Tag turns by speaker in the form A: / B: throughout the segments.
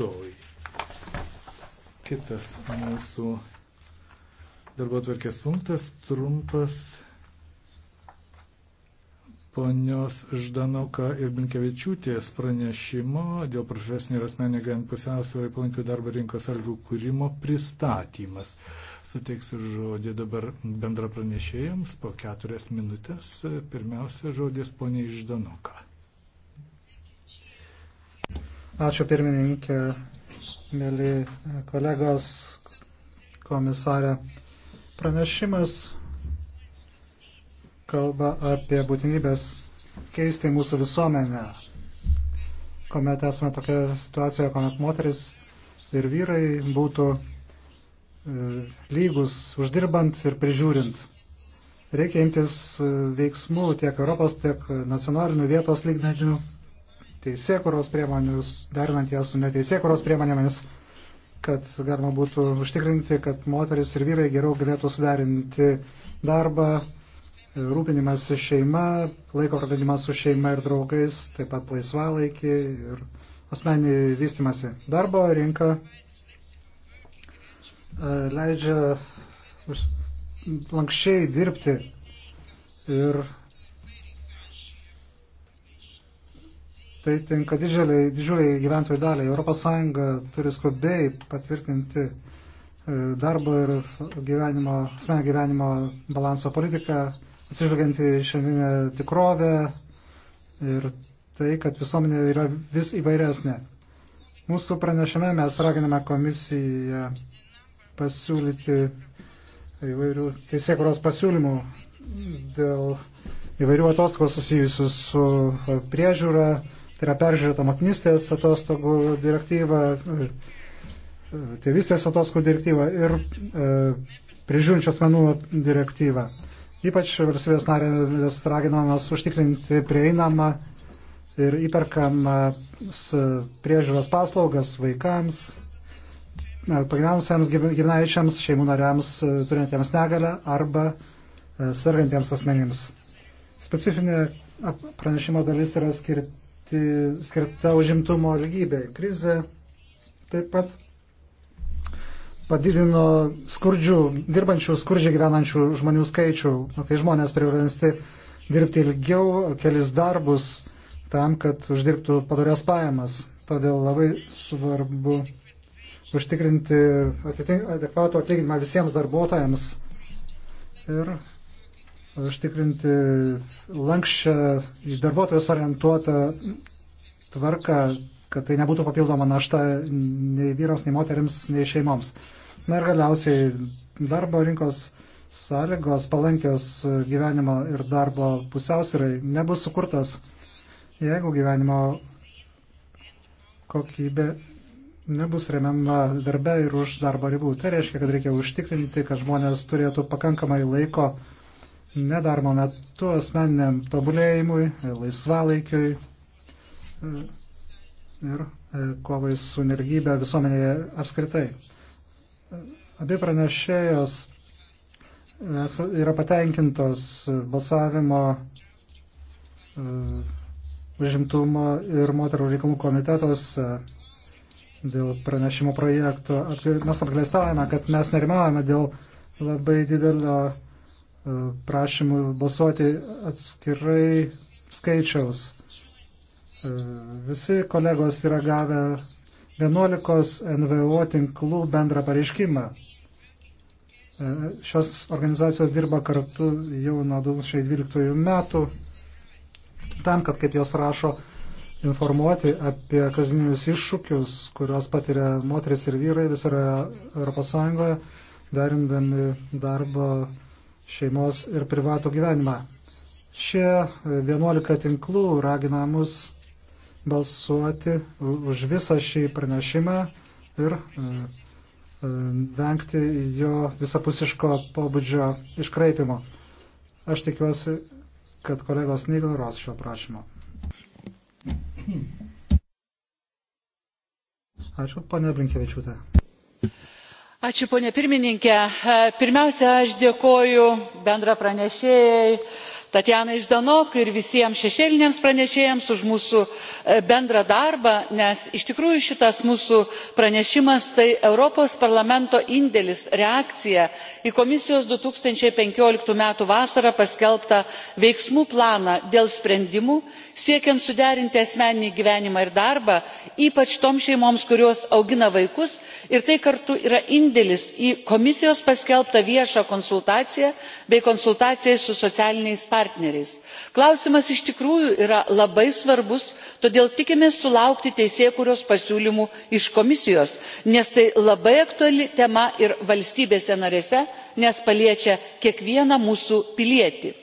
A: atstovai. Kitas mūsų darbo atverkės punktas trumpas ponios Ždanoka ir Binkevičiūtės pranešimo dėl profesinio ir asmeninio gyvenimo pusiausvėrai palankių darbo rinkos algų kūrimo pristatymas. Suteiksiu žodį dabar bendra pranešėjams po keturias minutės. Pirmiausia žodis poniai Ždanoka.
B: Ačiū pirmininkė, mėly kolegos, komisarė. Pranešimas kalba apie būtinybės keisti mūsų visuomenę, kuomet esame tokia situacija, kuomet moteris ir vyrai būtų e, lygus uždirbant ir prižiūrint. Reikia imtis e, veiksmų tiek Europos, tiek nacionalinių vietos lygmenių teisėkuros priemonius, derinant jas su neteisėkuros priemonėmis, kad galima būtų užtikrinti, kad moteris ir vyrai geriau galėtų suderinti darbą, rūpinimas šeima, laiko praleidimą su šeima ir draugais, taip pat laisvalaikį ir asmenį vystimasi. Darbo rinka e, leidžia lankščiai dirbti ir Tai tinka didžiuliai, didžiuliai gyventojų daliai. ES turi skubiai patvirtinti e, darbo ir gyvenimo, asmenio gyvenimo balanso politiką, atsižvelgiant į šiandieninę tikrovę ir tai, kad visuomenė yra vis įvairesnė. Mūsų pranešime mes raginame komisiją pasiūlyti įvairių teisėkuros pasiūlymų dėl įvairių atostogų susijusių su priežiūra, Tai yra peržiūrėta motinystės atostogų direktyva, tėvystės atostogų direktyva ir e, prižiūrinčios menų direktyva. Ypač valstybės narės raginamas užtikrinti prieinamą ir įperkamas priežiūros paslaugas vaikams, e, pagyvenusiems giminaičiams, šeimų nariams e, turintiems negalę arba e, sergantiems asmenims. Specifinė pranešimo dalis yra skirta skirti, skirta užimtumo lygybei. Krize taip pat padidino skurdžių, dirbančių, skurdžiai gyvenančių žmonių skaičių, kai žmonės priversti dirbti ilgiau, kelis darbus tam, kad uždirbtų padorias pajamas. Todėl labai svarbu užtikrinti adekvatų atlyginimą visiems darbuotojams ir užtikrinti lankščią į darbuotojus orientuotą tvarką, kad tai nebūtų papildoma našta nei vyrams, nei moteriams, nei šeimoms. Na ir galiausiai darbo rinkos sąlygos palankios gyvenimo ir darbo pusiausvirai nebus sukurtos, jeigu gyvenimo kokybė nebus remiama darbe ir už darbo ribų. Tai reiškia, kad reikia užtikrinti, kad žmonės turėtų pakankamai laiko nedarbo metu asmeniniam tobulėjimui, laisvalaikiui e, ir e, kovai su nergybė visuomenėje apskritai. Abi pranešėjos e, yra patenkintos balsavimo užimtumo ir moterų reikalų komitetos dėl pranešimo projektų. Mes apgailestavome, kad mes nerimavome dėl labai didelio E, prašymų balsuoti atskirai skaičiaus. E, visi kolegos yra gavę 11 NVO tinklų bendrą pareiškimą. E, šios organizacijos dirba kartu jau nuo 2012 metų tam, kad, kaip jos rašo, informuoti apie kasdienius iššūkius, kuriuos patiria moteris ir vyrai visoje Europos Sąjungoje, darindami darbą šeimos ir privato gyvenimą. Šie 11 tinklų ragina mus balsuoti už visą šį pranešimą ir e, e, vengti jo visapusiško pobūdžio iškraipimo. Aš tikiuosi, kad kolegos neignoruos šio prašymo. Ačiū, ponia Blinkevičiūtė
C: pirmiausia aš dėkoju bendrapranešėjai kolegai karinui čičesteriui tatjanai ždanokai ir visiems šešėliniams pranešėjams už mūsų e, bendrą darbą nes iš tikrųjų šitas mūsų pranešimas tai europos parlamento indėlis reakcija į komisijos du tūkstančiai penkiolika m. vasarą paskelbtą veiksmų planą dėl sprendimų siekiant suderinti asmeninį gyvenimą ir darbą ypač toms šeimoms kurios augina vaikus ir tai kartu yra indėlis į komisijos paskelbtą viešą konsultaciją bei konsultacijas su socialiniais partneriais partneriais. klausimas iš tikrųjų yra labai svarbus todėl tikimės sulaukti teisėkūros pasiūlymų iš komisijos nes tai labai aktuali tema ir valstybėse narėse nes paliečia kiekvieną mūsų pilietį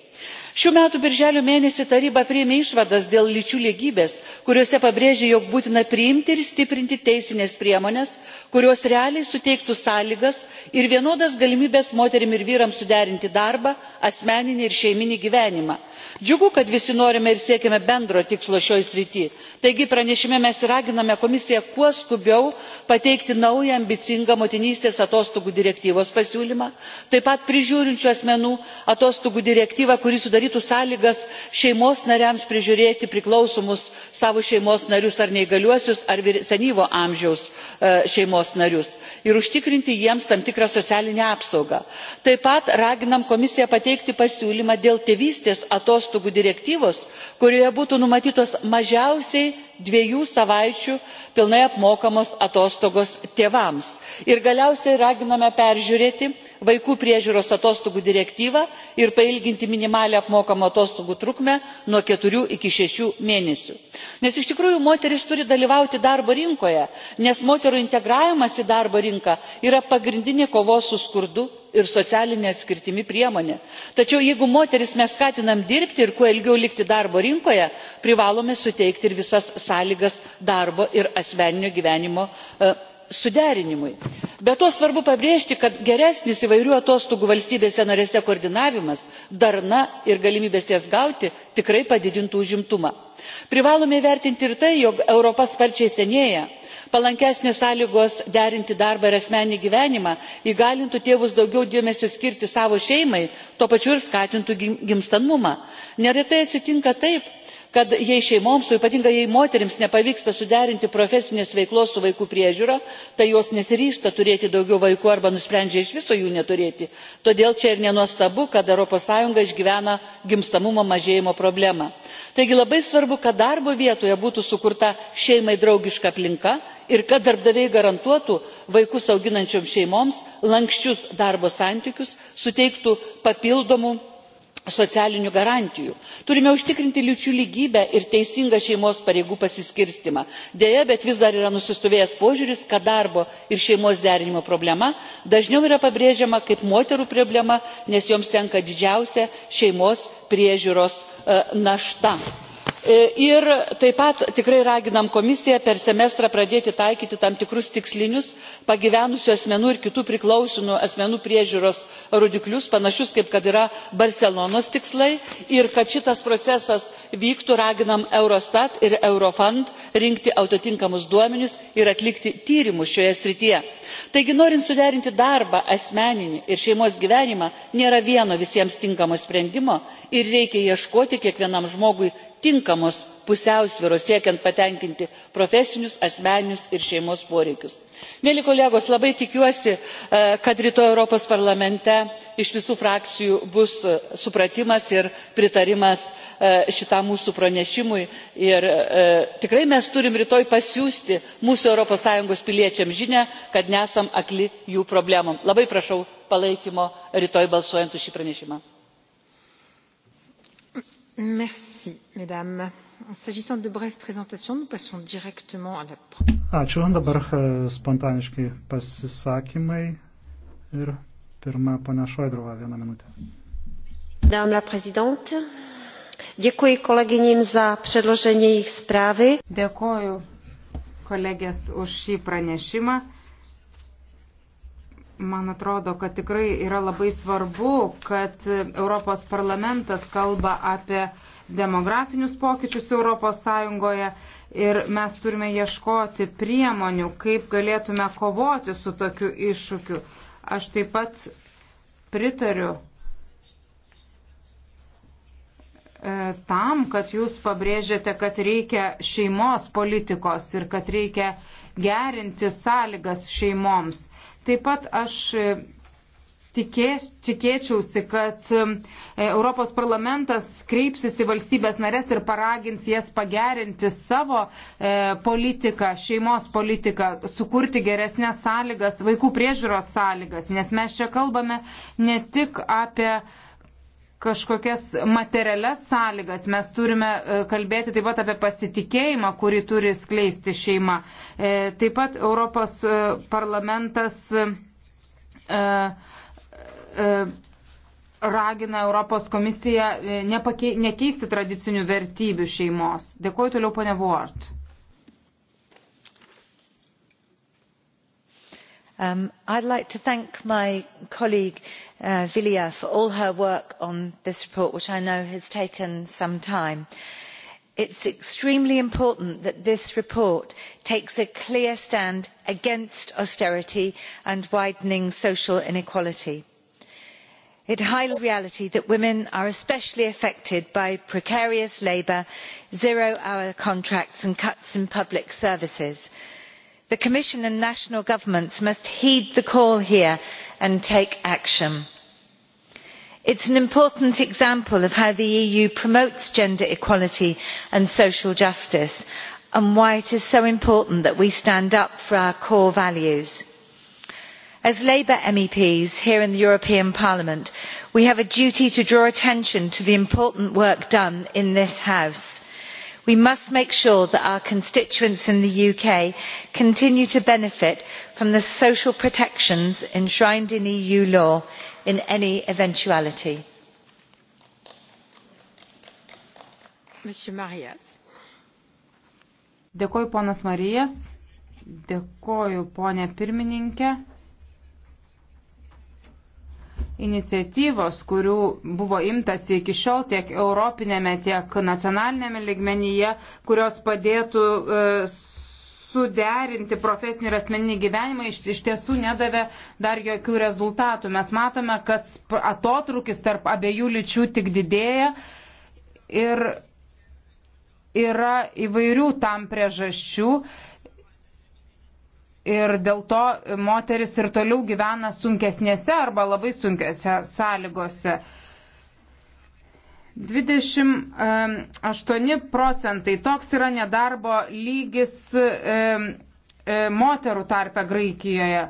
C: šių metų birželio mėnesį taryba priėmė išvadas dėl lyčių lygybės kuriose pabrėžia jog būtina priimti ir stiprinti teisines priemones kurios realiai suteiktų sąlygas ir vienodas galimybes moterims ir vyrams suderinti darbą asmeninį ir šeimyninį gyvenimą. džiugu kad visi norime ir siekiame bendro tikslo šioje srityje taigi pranešime mes ir raginame komisiją kuo skubiau pateikti naują ambicingą motinystės atostogų direktyvos pasiūlymą taip pat prižiūrinčių asmenų atostogų direktyvą kuri sudarytų sudarytų sąlygas šeimos nariams prižiūrėti priklausomus savo šeimos narius ar neįgaliuosius ar senyvo amžiaus e, šeimos narius ir užtikrinti jiems tam tikrą socialinę apsaugą. taip pat raginame komisiją pateikti pasiūlymą dėl tėvystės atostogų direktyvos kurioje būtų numatytos mažiausiai dviejų savaičių pilnai apmokamos atostogos tėvams. ir galiausiai raginame peržiūrėti vaikų priežiūros atostogų direktyvą ir pailginti minimalią apmokamų atostogų trukmę nuo keturių iki šešių mėnesių nes iš tikrųjų moterys turi dalyvauti darbo rinkoje nes moterų integravimas į darbo rinką yra pagrindinė kovos su skurdu ir socialine atskirtimi priemonė. Tačiau jeigu moteris mes skatinam dirbti ir kuo ilgiau likti darbo rinkoje, privalome suteikti ir visas sąlygas darbo ir asmeninio gyvenimo e, suderinimui be to svarbu pabrėžti kad geresnis įvairių atostogų valstybėse narėse koordinavimas darna ir galimybės jas gauti tikrai padidintų užimtumą. privalome įvertinti ir tai jog europa sparčiai senėja palankesnės sąlygos derinti darbą ir asmeninį gyvenimą įgalintų tėvus daugiau dėmesio skirti savo šeimai tuo pačiu ir skatintų gimstamumą. neretai atsitinka taip kad jei šeimoms o ypatingai jei moterims nepavyksta suderinti profesinės veiklos su vaikų priežiūra tai jos nesiryžta turėti daugiau vaikų arba nusprendžia iš viso jų neturėti todėl čia ir nenuostabu kad europos sąjunga išgyvena gimstamumo mažėjimo problemą. taigi labai svarbu kad darbo vietoje būtų sukurta šeimai draugiška aplinka ir kad darbdaviai garantuotų vaikus auginančioms šeimoms lanksčius darbo santykius suteiktų papildomų socialinių garantijų. turime užtikrinti lyčių lygybę ir teisingą šeimos pareigų pasiskirstymą. deja bet vis dar yra nusistovėjęs požiūris kad darbo ir šeimos derinimo problema dažniau yra pabrėžiama kaip moterų problema nes joms tenka didžiausia šeimos priežiūros e, našta. E, ir taip pat tikrai raginam komisiją per semestrą pradėti taikyti tam tikrus tikslinius pagyvenusių asmenų ir kitų priklausomų asmenų priežiūros rodiklius panašius kaip kad yra barselonos tikslai ir kad šitas procesas vyktų raginam eurostat ir eurofund rinkti atitinkamus duomenis ir atlikti tyrimus šioje srityje. taigi norint suderinti darbą asmeninį ir šeimos gyvenimą nėra vieno visiems tinkamo sprendimo ir reikia ieškoti kiekvienam žmogui tinkamos pusiausvyros siekiant patenkinti profesinius asmeninius ir šeimos poreikius. mieli kolegos labai tikiuosi e, kad rytoj europos parlamente iš visų frakcijų bus e, supratimas ir pritarimas e, šitam mūsų pranešimui ir tikrai mes turime rytoj pasiųsti mūsų europos sąjungos piliečiams žinią kad nesame akli jų problemoms. labai prašau palaikymo rytoj balsuojant už šį pranešimą.
D: Merci, mesdames. S'agissant de bref présentation, nous passons directement à la...
B: Ačiū, dabar e, spontaniškai pasisakymai ir pirma ponia Šoidrova, vieną minutę.
D: Madame la présidente, děkuji kolegyním za předložení jejich zprávy. Dėkoju kolegės už šį pranešimą. Man atrodo, kad tikrai yra labai svarbu, kad Europos parlamentas kalba apie demografinius pokyčius Europos Sąjungoje ir mes turime ieškoti priemonių, kaip galėtume kovoti su tokiu iššūkiu. Aš taip pat pritariu e, tam, kad jūs pabrėžėte, kad reikia šeimos politikos ir kad reikia gerinti sąlygas šeimoms. Taip pat aš e, tikės, tikėčiausi, kad e, Europos parlamentas kreipsis į valstybės narės ir paragins jas pagerinti savo e, politiką, šeimos politiką, sukurti geresnės sąlygas, vaikų priežiūros sąlygas, nes mes čia kalbame ne tik apie kažkokias materialias sąlygas, mes turime e, kalbėti taip pat apie pasitikėjimą, kurį turi skleisti šeima. E, taip pat Europos e, parlamentas ragina Europos komisiją nepakei, nekeisti tradicinių vertybių
E: šeimos. Dėkuoju toliau, ponia Vort. Um, I'd like to thank my colleague uh, Vilia for all her work on this report, which I know has taken some time. It's extremely important that this report takes a clear stand against austerity and widening social inequality it highlights the reality that women are especially affected by precarious labour zero hour contracts and cuts in public services the commission and national governments must heed the call here and take action. it is an important example of how the eu promotes gender equality and social justice and why it is so important that we stand up for our core values. as labour meps here in the european parliament we have a duty to draw attention to the important work done in this house we must make sure that our constituents in the uk continue to benefit from the social protections enshrined in eu law in any eventuality.
D: Dėkoju, ponas Marijas. Dėkoju, ponė pirmininkė iniciatyvos, kurių buvo imtasi iki šiol tiek europinėme, tiek nacionalinėme ligmenyje, kurios padėtų e, suderinti profesinį ir asmeninį gyvenimą iš, iš tiesų nedavė dar jokių rezultatų. Mes matome, kad atotrukis tarp abiejų lyčių tik didėja ir yra įvairių tam priežasčių ir dėl to moteris ir toliau gyvena sunkesnėse arba labai sunkiose sąlygose. 28 ehm, procentai toks yra nedarbo lygis ehm, ehm, moterų tarpe Graikijoje.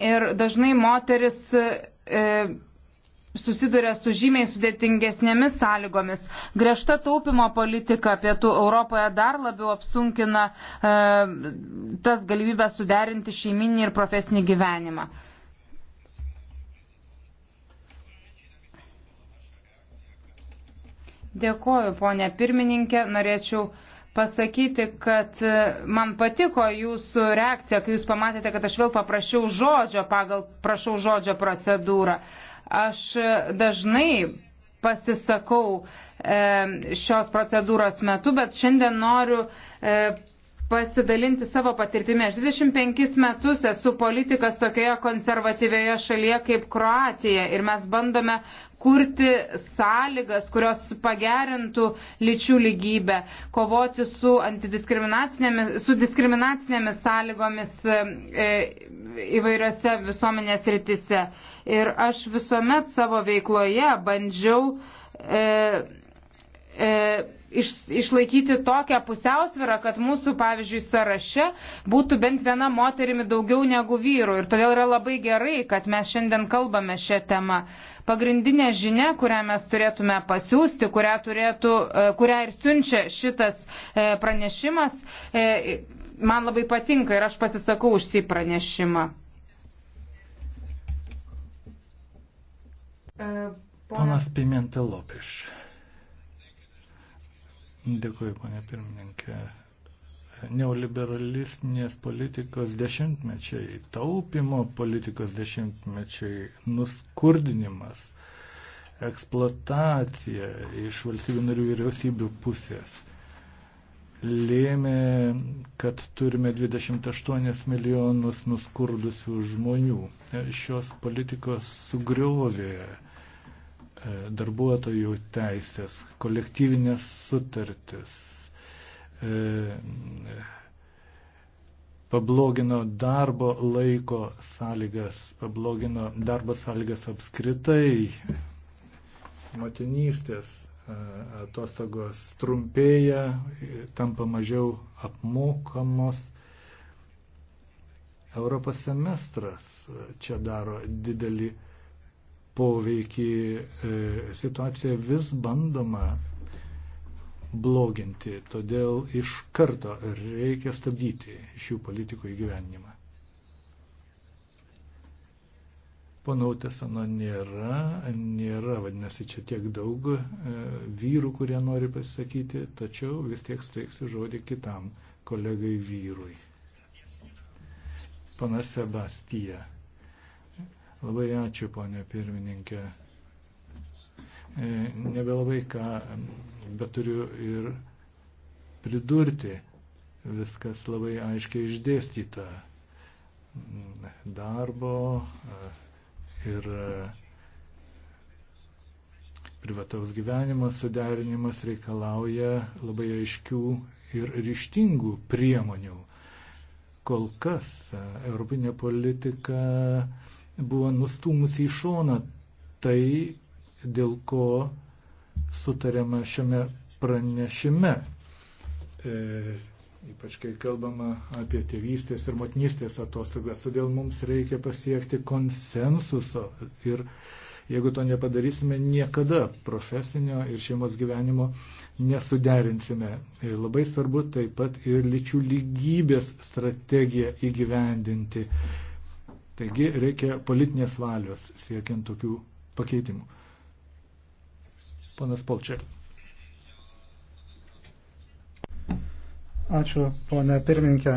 D: Ir dažnai moteris susiduria su žymiai sudėtingesnėmis sąlygomis. Griežta taupimo politika pietų Europoje dar labiau apsunkina e, tas galimybės suderinti šeiminį ir profesinį gyvenimą. Dėkoju, ponė pirmininkė. Norėčiau pasakyti, kad e, man patiko jūsų reakcija, kai jūs pamatėte, kad aš vėl paprašiau žodžio pagal prašau žodžio procedūrą. Aš e, dažnai pasisakau e, šios procedūros metu, bet šiandien noriu e, pasidalinti savo patirtimi. Aš 25 metus esu politikas tokioje konservatyvioje šalyje kaip Kroatija ir mes bandome kurti sąlygas, kurios pagerintų lyčių lygybę, kovoti su, su diskriminacinėmis sąlygomis e, e, įvairiose visuomenės rytise. Ir aš visuomet savo veikloje bandžiau e, e, iš, išlaikyti tokią pusiausvyrą, kad mūsų, pavyzdžiui, sąraše būtų bent viena moterimi daugiau negu vyrų. Ir todėl yra labai gerai, kad mes šiandien kalbame šią temą. Pagrindinė žinia, kurią mes turėtume pasiūsti, kurią, turėtų, e, kurią ir siunčia šitas e, pranešimas, e, man labai patinka ir aš pasisakau už šį pranešimą.
B: Ponas
A: Pimentelopiš. Dėkuoju, ponė pirmininkė. Neoliberalistinės politikos dešimtmečiai, taupimo politikos dešimtmečiai, nuskurdinimas, eksploatacija iš valstybių narių vyriausybių pusės lėmė, kad turime 28 milijonus nuskurdusių žmonių. Šios politikos sugriovė E, darbuotojų teisės, kolektyvinės sutartis, e, pablogino darbo laiko sąlygas, pablogino darbo sąlygas apskritai, motinystės e, atostogos trumpėja, tampa mažiau apmokamos. Europos semestras čia daro didelį poveikį e, situaciją vis bandoma bloginti, todėl iš karto reikia stabdyti šių politikų įgyvenimą. Panautės ano nėra, nėra, vadinasi, čia tiek daug e, vyrų, kurie nori pasisakyti, tačiau vis tiek steiksiu žodį kitam kolegai vyrui. Pana Sebastija. Labai ačiū, ponė pirmininkė. E, nebelabai ką, bet turiu ir pridurti. Viskas labai aiškiai išdėstyta. Darbo e, ir e, privataus gyvenimo suderinimas reikalauja labai aiškių ir ryštingų priemonių. Kol kas europinė politika buvo nustumusi į šoną tai, dėl ko sutariama šiame pranešime. E, ypač kai kalbama apie tėvystės ir motinystės atostogas. Todėl mums reikia pasiekti konsensuso ir jeigu to nepadarysime, niekada profesinio ir šeimos gyvenimo nesuderinsime. Ir labai svarbu taip pat ir lyčių lygybės strategiją įgyvendinti. Taigi reikia politinės valios siekiant tokių pakeitimų. Panas Polčiak.
B: Ačiū, ponė pirminkė.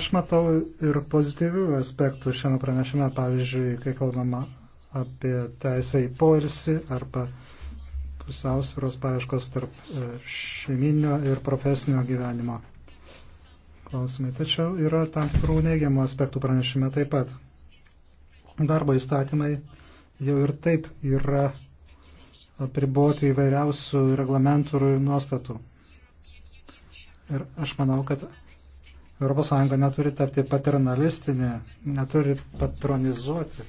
B: Aš matau ir pozityvių aspektų šiame pranešime, pavyzdžiui, kai kalbama apie teisę į poilsį arba pusiausvėros paieškos tarp e, šeiminio ir profesinio gyvenimo klausimai. Tačiau yra tam tikrų neigiamų aspektų pranešime taip pat. Darbo įstatymai jau ir taip yra priboti įvairiausių reglamentų ir nuostatų. Ir aš manau, kad ES neturi tapti paternalistinė, neturi patronizuoti.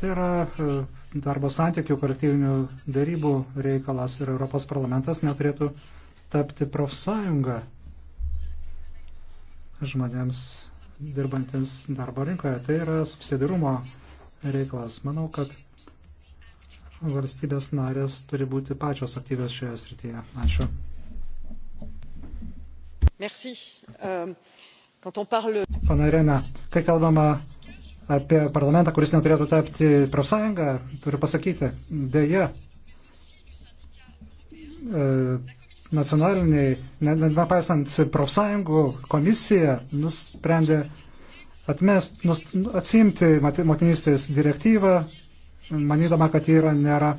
B: Tai yra e, darbo santykių kolektyvinių darybų reikalas ir Europos parlamentas neturėtų tapti profsąjunga žmonėms dirbantis darbo rinkoje. Tai yra subsidirumo reikalas. Manau, kad valstybės narės turi būti pačios aktyvios šioje srityje. Ačiū.
C: Merci. Um, parle...
B: Pana Irena, kai kalbama apie parlamentą, kuris neturėtų tapti profsąjungą, turiu pasakyti, dėja, e, nacionaliniai, nepaisant profsąjungų komisija, nusprendė atmest, nus, atsimti motinystės direktyvą, manydama, kad ji yra, nėra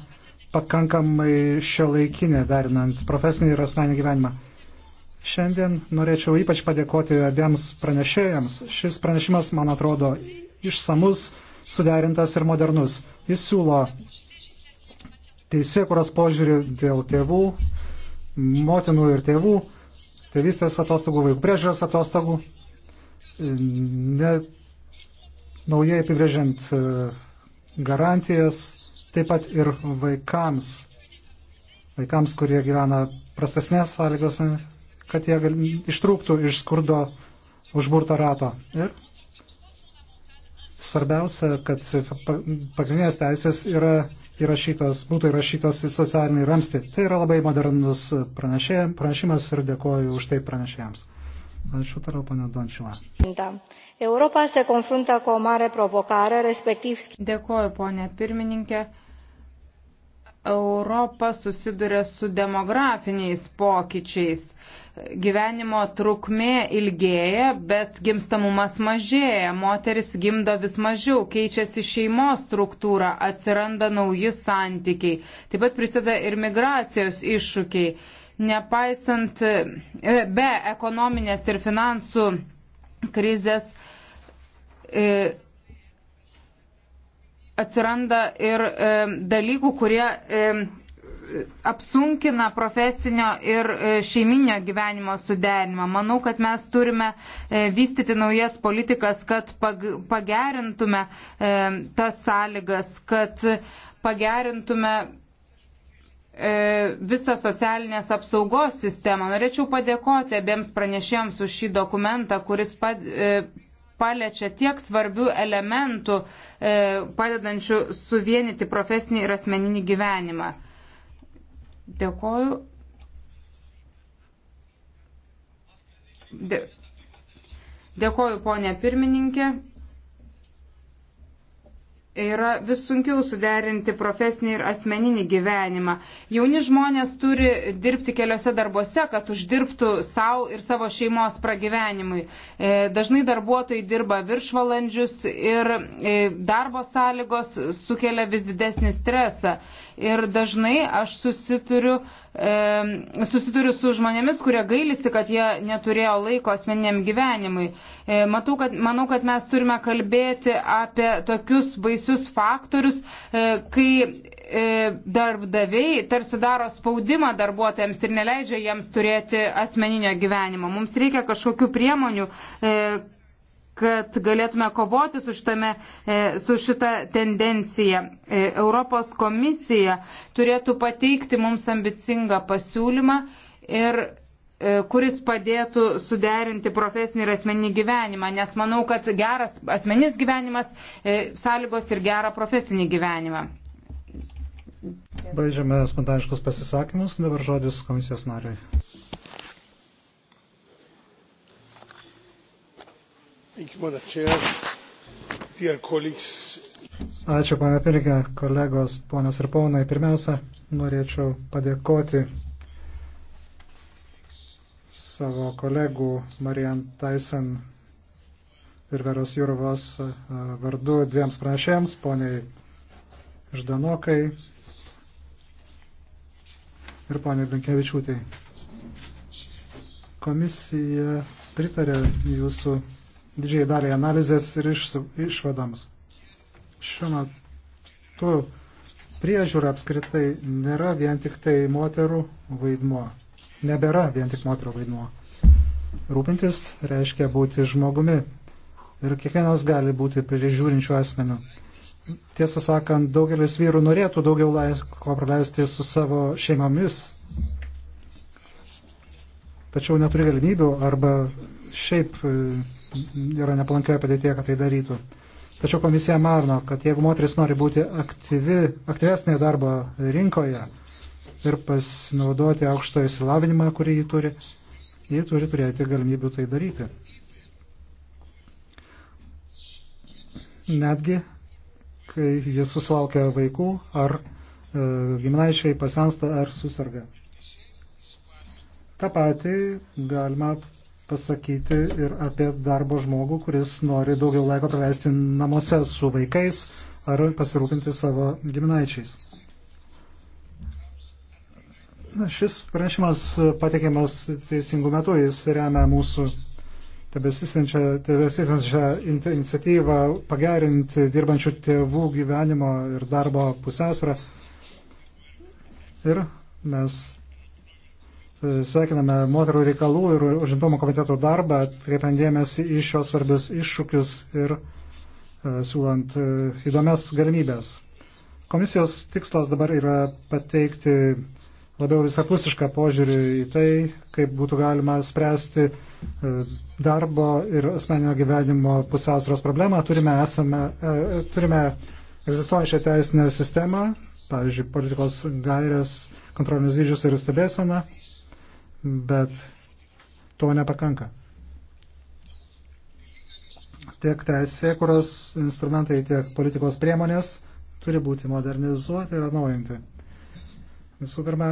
B: pakankamai šio laikinė, darinant profesinį ir asmenį gyvenimą. Šiandien norėčiau ypač padėkoti abiems pranešėjams. Šis pranešimas, man atrodo, išsamus, suderintas ir modernus. Jis siūlo teisėkuros požiūrį dėl tėvų motinų ir tėvų, tėvystės atostogų, vaikų priežiūros atostogų, ne, naujai apibrėžiant e, garantijas, taip pat ir vaikams, vaikams, kurie gyvena prastesnės sąlygos, kad jie gal, ištrūktų iš skurdo užburto rato. Ir Svarbiausia, kad pagrindinės teisės yra įrašytos, būtų įrašytos į socialinį ramstį. Tai yra labai modernus pranešė, pranešimas ir dėkoju už tai pranešėjams. Ačiū toliau, pana Dončila.
E: Europa se confrunta cu o mare provocare, respectiv.
D: Dėkoju, ponė pirmininkė. Europa susiduria su demografiniais pokyčiais gyvenimo trukmė ilgėja, bet gimstamumas mažėja, moteris gimdo vis mažiau, keičiasi šeimos struktūra, atsiranda nauji santykiai. Taip pat prisideda ir migracijos iššūkiai. Nepaisant e, be ekonominės ir finansų krizės e, atsiranda ir e, dalykų, kurie apsunkina profesinio ir e, šeiminio gyvenimo suderinimą. Manau, kad mes turime e, vystyti naujas politikas, kad pagerintume e, tas sąlygas, kad pagerintume visą socialinės apsaugos sistemą. Norėčiau padėkoti abiems pranešėjams už šį dokumentą, kuris paliečia tiek svarbių elementų, padedančių suvienyti profesinį ir asmeninį gyvenimą. Dėkoju. Dėkoju, ponė pirmininkė. Yra vis sunkiau suderinti profesinį ir asmeninį gyvenimą. Jauni žmonės turi dirbti keliose darbuose, kad uždirbtų savo ir savo šeimos pragyvenimui. E, dažnai darbuotojai dirba viršvalandžius ir e, darbo sąlygos sukelia vis didesnį stresą ir dažnai aš susituriu, e, susituriu su žmonėmis, kurie gailisi, kad jie neturėjo laiko asmeniniam gyvenimui. E, matau, kad, manau, kad mes turime kalbėti apie tokius baisius faktorius, e, kai e, darbdaviai tarsi daro spaudimą darbuotojams ir neleidžia jiems turėti asmeninio gyvenimo. Mums reikia kažkokių priemonių, e, kad galėtume kovoti su, šitame, e, su šita tendencija. E, Europos komisija turėtų pateikti mums ambicingą pasiūlymą ir e, kuris padėtų suderinti profesinį ir asmeninį gyvenimą, nes manau, kad geras asmeninis gyvenimas sąlygos ir gerą profesinį gyvenimą.
B: Baigėme spontaniškus pasisakymus, dabar žodis komisijos nariai. Ačiū, pana Pirke, kolegos, ponios ir ponai. Pirmiausia, norėčiau padėkoti savo kolegų Marian Tyson ir Veros Jūrovos vardu dviems pranešėjams, poniai Ždanokai ir poniai Blinkevičiūtai. Komisija pritarė jūsų didžiai daliai analizės ir iš, išvadams. Šiuo metu priežiūra apskritai nėra vien tik tai moterų vaidmuo. Nebėra vien tik moterų vaidmuo. Rūpintis reiškia būti žmogumi. Ir kiekvienas gali būti prižiūrinčių asmenių. Tiesą sakant, daugelis vyrų norėtų daugiau laiko praleisti su savo šeimomis, tačiau neturi galimybių arba šiaip e, yra nepalankioje padėtėje, kad tai darytų. Tačiau komisija mano, kad jeigu moteris nori būti aktyvi, aktyvesnė darbo rinkoje ir pasinaudoti aukštą įsilavinimą, kurį jį turi, jį turi turėti galimybių tai daryti. Netgi, kai jis susilaukia vaikų ar e, giminaičiai pasensta ar susirga. Ta pati galima pasakyti ir apie darbo žmogų, kuris nori daugiau laiko praleisti namuose su vaikais ar pasirūpinti savo giminaičiais. Na, šis pranešimas pateikiamas teisingų metų, jis remia mūsų tebesisinčią iniciatyvą pagerinti dirbančių tėvų gyvenimo ir darbo pusiausvyrą. Ir mes sveikiname moterų reikalų ir užimtumo komiteto darbą, atkreipiant dėmesį į šios svarbius iššūkius ir e, siūlant e, įdomias galimybės. Komisijos tikslas dabar yra pateikti labiau visapusišką požiūrį į tai, kaip būtų galima spręsti e, darbo ir asmeninio gyvenimo pusiausvėros problemą. Turime, esame, turime egzistuojančią teisinę sistemą, pavyzdžiui, politikos gairias, kontrolinius dydžius ir stebėseną bet to nepakanka. Tiek teisė, kurios instrumentai, tiek politikos priemonės turi būti modernizuoti ir atnaujinti. Visų pirma,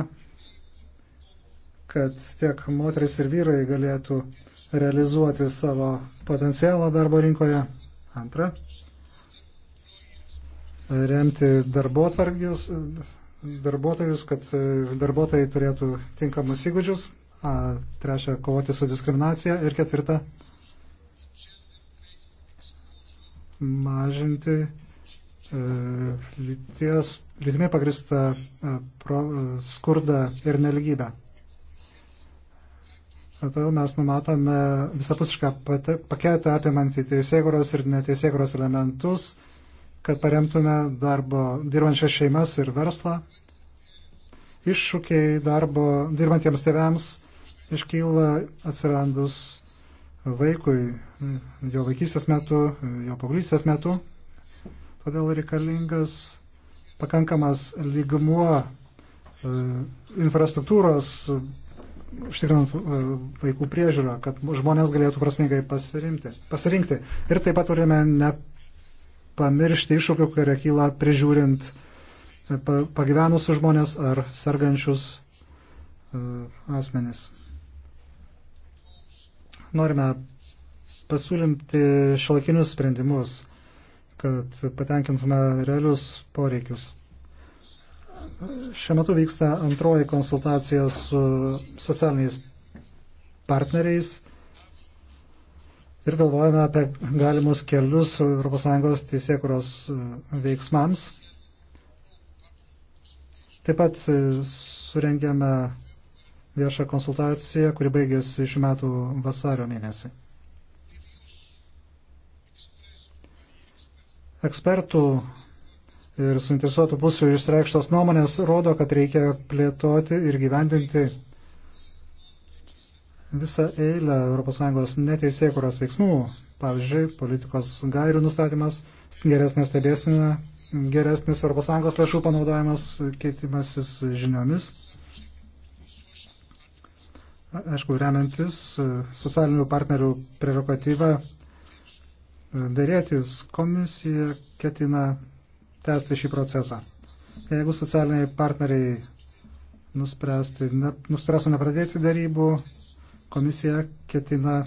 B: kad tiek moteris ir vyrai galėtų realizuoti savo potencialą darbo rinkoje. Antra, remti darbuotojus, darbuotojus, kad darbuotojai turėtų tinkamus įgūdžius trečia - kovoti su diskriminacija ir ketvirta - mažinti e, lyties, lytimi pagristą e, e, skurdą ir neligybę. Todėl mes numatome visapusišką paketą apimantį teisėkuros ir neteisėkuros elementus, kad paremtume darbo dirbančias šeimas ir verslą. Iššūkiai darbo dirbantiems tėvams iškyla atsirandus vaikui jo vaikystės metu, jo paauglystės metu. Todėl reikalingas pakankamas lygmuo e, infrastruktūros, e, užtikrinant e, vaikų priežiūrą, kad žmonės galėtų prasmingai pasirinkti. pasirinkti. Ir taip pat turime nepamiršti iššūkių, kurie kyla prižiūrint pagyvenusius žmonės ar sergančius asmenis norime pasiūlymti šalkinius sprendimus, kad patenkintume realius poreikius. Šiuo metu vyksta antroji konsultacija su socialiniais partneriais ir galvojame apie galimus kelius ES teisėkuros e, veiksmams. Taip pat e, surengėme viešą konsultaciją, kuri baigėsi šių metų vasario mėnesį. Ekspertų ir suinteresuotų pusių išreikštos nuomonės rodo, kad reikia plėtoti ir gyvendinti visą eilę ES neteisėkuros veiksmų, pavyzdžiui, politikos gairių nustatymas, geresnė stebėsnė, geresnis ES lėšų panaudojimas, keitimasis žiniomis, aišku, remiantis e, socialinių partnerių prerogatyvą e, dėrėtis, komisija ketina tęsti šį procesą. Jeigu socialiniai partneriai nuspręstų ne, nepradėti darybų, komisija ketina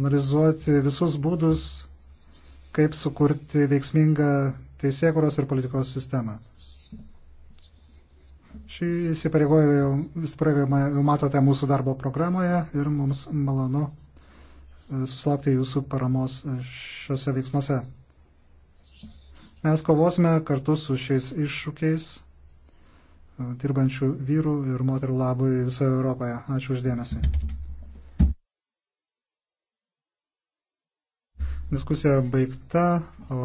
B: analizuoti visus būdus, kaip sukurti veiksmingą teisėkuros ir politikos sistemą. Šį įsipareigojimą jau matote mūsų darbo programoje ir mums malonu e, susilaukti jūsų paramos e, šiuose veiksmuose. Mes kovosime kartu su šiais iššūkiais e, dirbančių vyrų ir moterų labui visoje Europoje. Ačiū uždėmesi. Diskusija baigta, o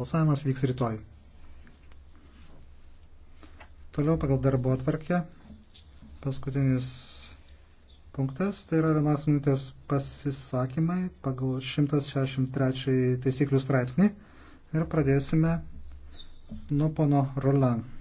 B: balsavimas vyks rytoj. Toliau pagal darbo atvarkę. Paskutinis punktas. Tai yra vienos minutės pasisakymai pagal 163 taisyklių straipsnį. Ir pradėsime nuo pono Roland.